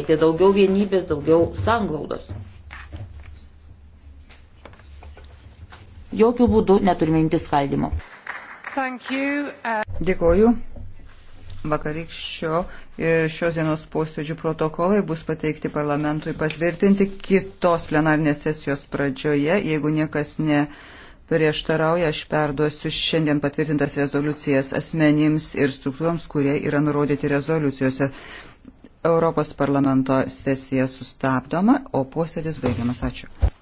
siekti daugiau vienybės, daugiau sanglaudos. Jokių būdų neturime imti skaldimo. Uh, Dėkoju. Vakarykščio ir e, šios dienos posėdžių protokolai bus pateikti parlamentui patvirtinti kitos plenarnės sesijos pradžioje, jeigu niekas ne prieštarauja, aš perduosiu šiandien patvirtintas rezoliucijas asmenims ir struktūroms, kurie yra nurodyti rezoliucijose. Europos parlamento sesija sustabdoma, o posėdis baigiamas. Ačiū.